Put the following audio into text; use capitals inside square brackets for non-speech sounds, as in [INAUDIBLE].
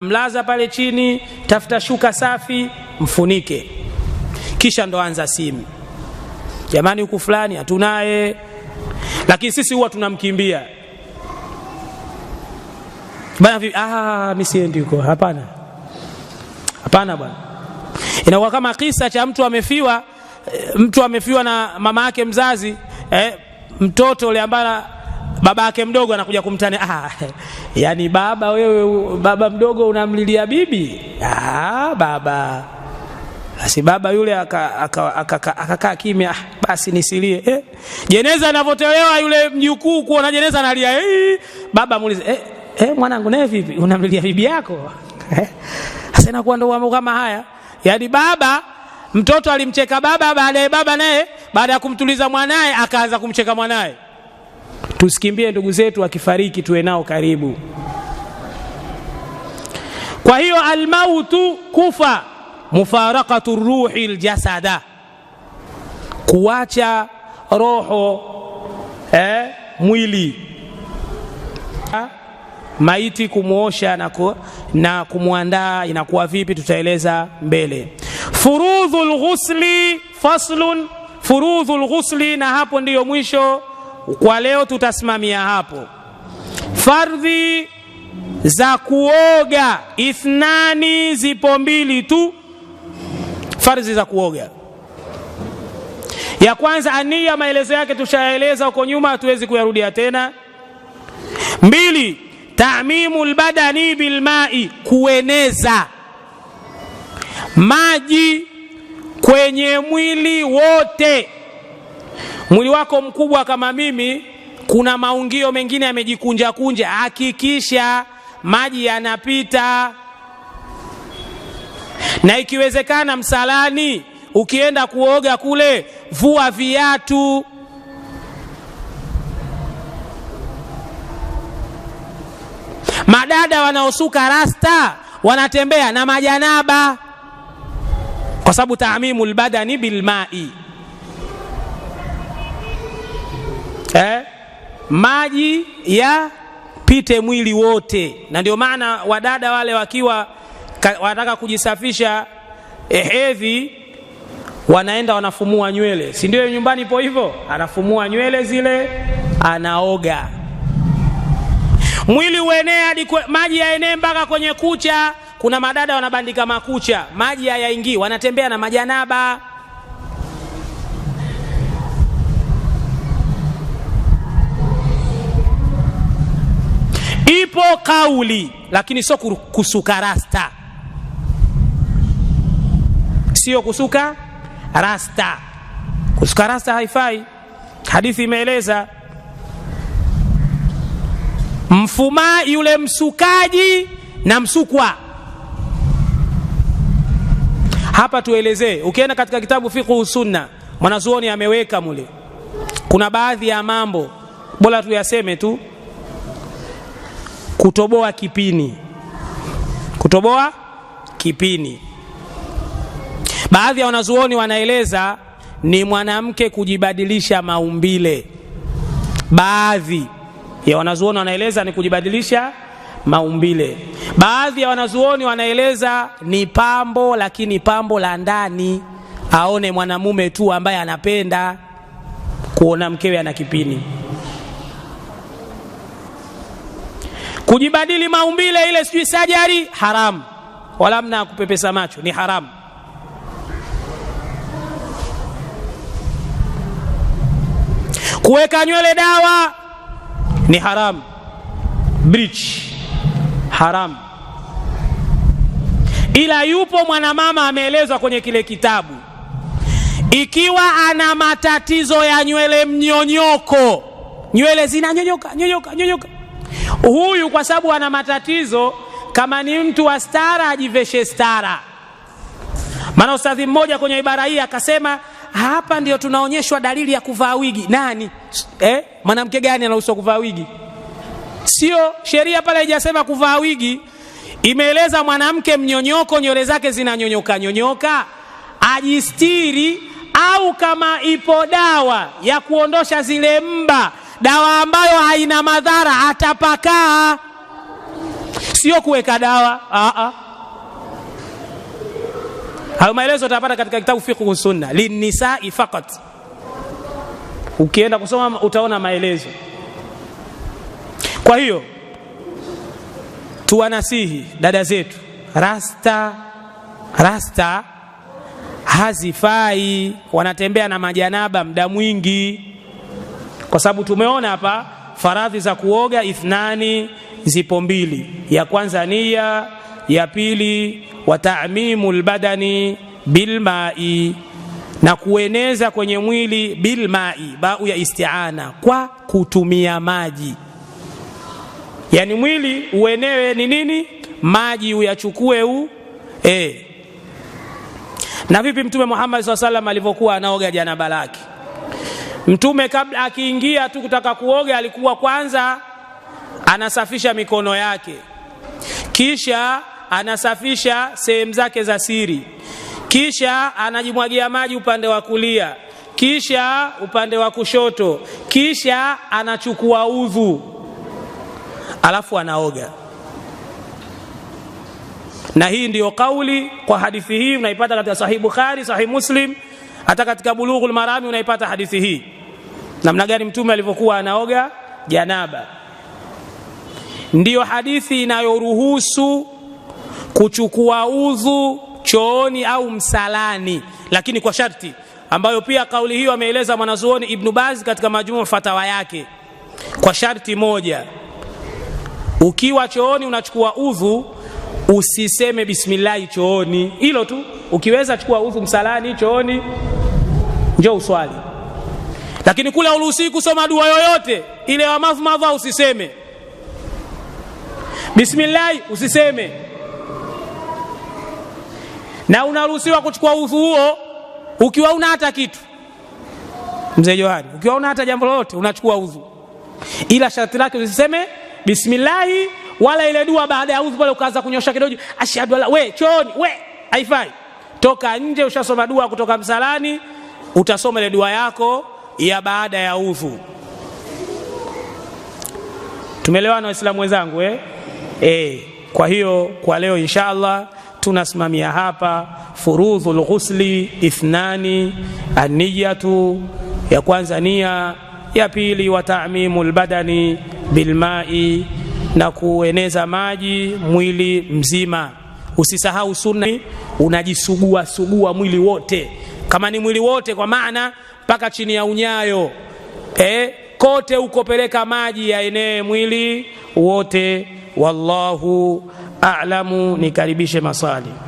Mlaza pale chini, tafuta shuka safi, mfunike, kisha ndo anza simu. Jamani, huku fulani hatunaye. Lakini sisi huwa tunamkimbia bana, vipi? Ah, mimi siendi huko. Hapana, hapana bwana, inakuwa kama kisa cha mtu amefiwa, eh, mtu amefiwa na mama yake mzazi eh, mtoto yule ambaye baba yake mdogo anakuja kumtania ah, [LAUGHS] yani baba wewe, baba mdogo unamlilia bibi ah, baba basi baba yule akakaa kimya, ah, basi nisilie eh. Jeneza inavyotolewa yule mjukuu kuona jeneza analia eh. Baba muulize eh, eh, mwanangu naye vipi, unamlilia bibi yako [LAUGHS] eh, sasa eh. Inakuwa ndo mambo kama haya, yani baba mtoto alimcheka baba, baadaye baba naye baada ya kumtuliza mwanaye akaanza kumcheka mwanaye. Tusikimbie ndugu zetu akifariki, tuwe nao karibu. Kwa hiyo almautu, kufa, mufarakatu ruhi ljasada, kuacha roho eh, mwili ha? maiti kumwosha na, ku, na kumwandaa inakuwa vipi, tutaeleza mbele. Furudhu lghusli faslun, furudhu lghusli, na hapo ndiyo mwisho kwa leo tutasimamia hapo. Fardhi za kuoga ithnani, zipo mbili tu, fardhi za kuoga. Ya kwanza ania, maelezo yake tushaeleza huko nyuma, hatuwezi kuyarudia tena. Mbili, tamimu lbadani bilmai, kueneza maji kwenye mwili wote mwili wako mkubwa kama mimi, kuna maungio mengine yamejikunja kunja, hakikisha maji yanapita, na ikiwezekana msalani, ukienda kuoga kule, vua viatu. Madada wanaosuka rasta wanatembea na majanaba, kwa sababu taamimu lbadani bilmai eh, maji yapite mwili wote. Na ndio maana wadada wale wakiwa wanataka kujisafisha eh, hedhi wanaenda wanafumua nywele, si ndio? Nyumbani ipo hivyo, anafumua nywele zile, anaoga mwili uenee hadi maji yaenee mpaka kwenye kucha. Kuna madada wanabandika makucha, maji hayaingii, wanatembea na majanaba. kauli, lakini sio kusuka rasta, sio kusuka rasta. Kusuka rasta haifai. Hadithi imeeleza mfuma yule msukaji na msukwa. Hapa tuelezee, ukienda katika kitabu Fiqhu Sunna mwanazuoni ameweka mule, kuna baadhi ya mambo bora tuyaseme tu kutoboa kipini, kutoboa kipini. Baadhi ya wanazuoni wanaeleza ni mwanamke kujibadilisha maumbile. Baadhi ya wanazuoni wanaeleza ni kujibadilisha maumbile. Baadhi ya wanazuoni wanaeleza ni pambo, lakini pambo la ndani, aone mwanamume tu ambaye anapenda kuona mkewe ana kipini. Kujibadili maumbile ile sijui sajari haramu, wala mna kupepesa macho ni haramu. Kuweka nywele dawa ni haramu. Bleach haramu, ila yupo mwanamama ameelezwa kwenye kile kitabu, ikiwa ana matatizo ya nywele mnyonyoko, nywele zinanyonyoka nyonyoka nyonyoka Huyu kwa sababu ana matatizo, kama ni mtu wa stara ajiveshe stara. Maana ustadhi mmoja kwenye ibara hii akasema, hapa ndio tunaonyeshwa dalili ya kuvaa wigi. Nani eh? Mwanamke gani anaruhusiwa kuvaa wigi? Sio sheria pale haijasema kuvaa wigi, imeeleza mwanamke mnyonyoko, nywele zake zinanyonyoka nyonyoka, ajistiri au kama ipo dawa ya kuondosha zile mba dawa ambayo haina madhara atapakaa, sio kuweka dawa. Aa, hayo maelezo utapata katika kitabu Fiqhu Sunna linisai faqat. Ukienda kusoma utaona maelezo. Kwa hiyo tuwanasihi dada zetu, rasta rasta hazifai, wanatembea na majanaba muda mwingi kwa sababu tumeona hapa faradhi za kuoga ithnani zipo mbili, ya kwanza niya ya pili wa lbadani bilmai, na kueneza kwenye mwili bilmai, bau ya istiana, kwa kutumia maji. Yani mwili uenewe ni nini? Maji uyachukue u e. Na vipi Mtume Muhammad salam alivyokuwa anaoga janaba lake? Mtume kabla akiingia tu kutaka kuoga, alikuwa kwanza anasafisha mikono yake, kisha anasafisha sehemu zake za siri, kisha anajimwagia maji upande wa kulia, kisha upande wa kushoto, kisha anachukua udhu, alafu anaoga. Na hii ndiyo kauli kwa hadithi hii, unaipata katika Sahihi Bukhari, Sahihi Muslim, hata katika Bulughul Marami unaipata hadithi hii namna gani mtume alivyokuwa anaoga janaba. Ndiyo hadithi inayoruhusu kuchukua udhu chooni au msalani, lakini kwa sharti ambayo pia kauli hiyo ameeleza mwanazuoni Ibnu Baz katika majumuu fatawa yake, kwa sharti moja, ukiwa chooni unachukua udhu usiseme bismillahi chooni, hilo tu. Ukiweza chukua udhu msalani, chooni, njoo uswali lakini kule hauruhusii kusoma dua yoyote ile ya madhumadha usiseme bismillahi usiseme na unaruhusiwa kuchukua udhu huo ukiwa una hata kitu mzee johani ukiwa una hata jambo lolote unachukua udhu ila sharti lake usiseme bismillahi wala ile dua baada ya udhu pale ukaanza kunyosha kidoji ashhadu ala we choni we haifai toka nje ushasoma dua kutoka msalani utasoma ile dua yako ya baada ya udhu. Tumeelewana waislamu wenzangu eh? Eh, kwa hiyo kwa leo insha Allah tunasimamia hapa furudhul ghusli ithnani, aniyatu ya kwanza nia, ya pili wa ta'mimul badani bilmai, na kueneza maji mwili mzima. Usisahau sunna, unajisugua sugua mwili wote kama ni mwili wote kwa maana mpaka chini ya unyayo eh, kote ukopeleka maji ya enee mwili wote wallahu alamu nikaribishe maswali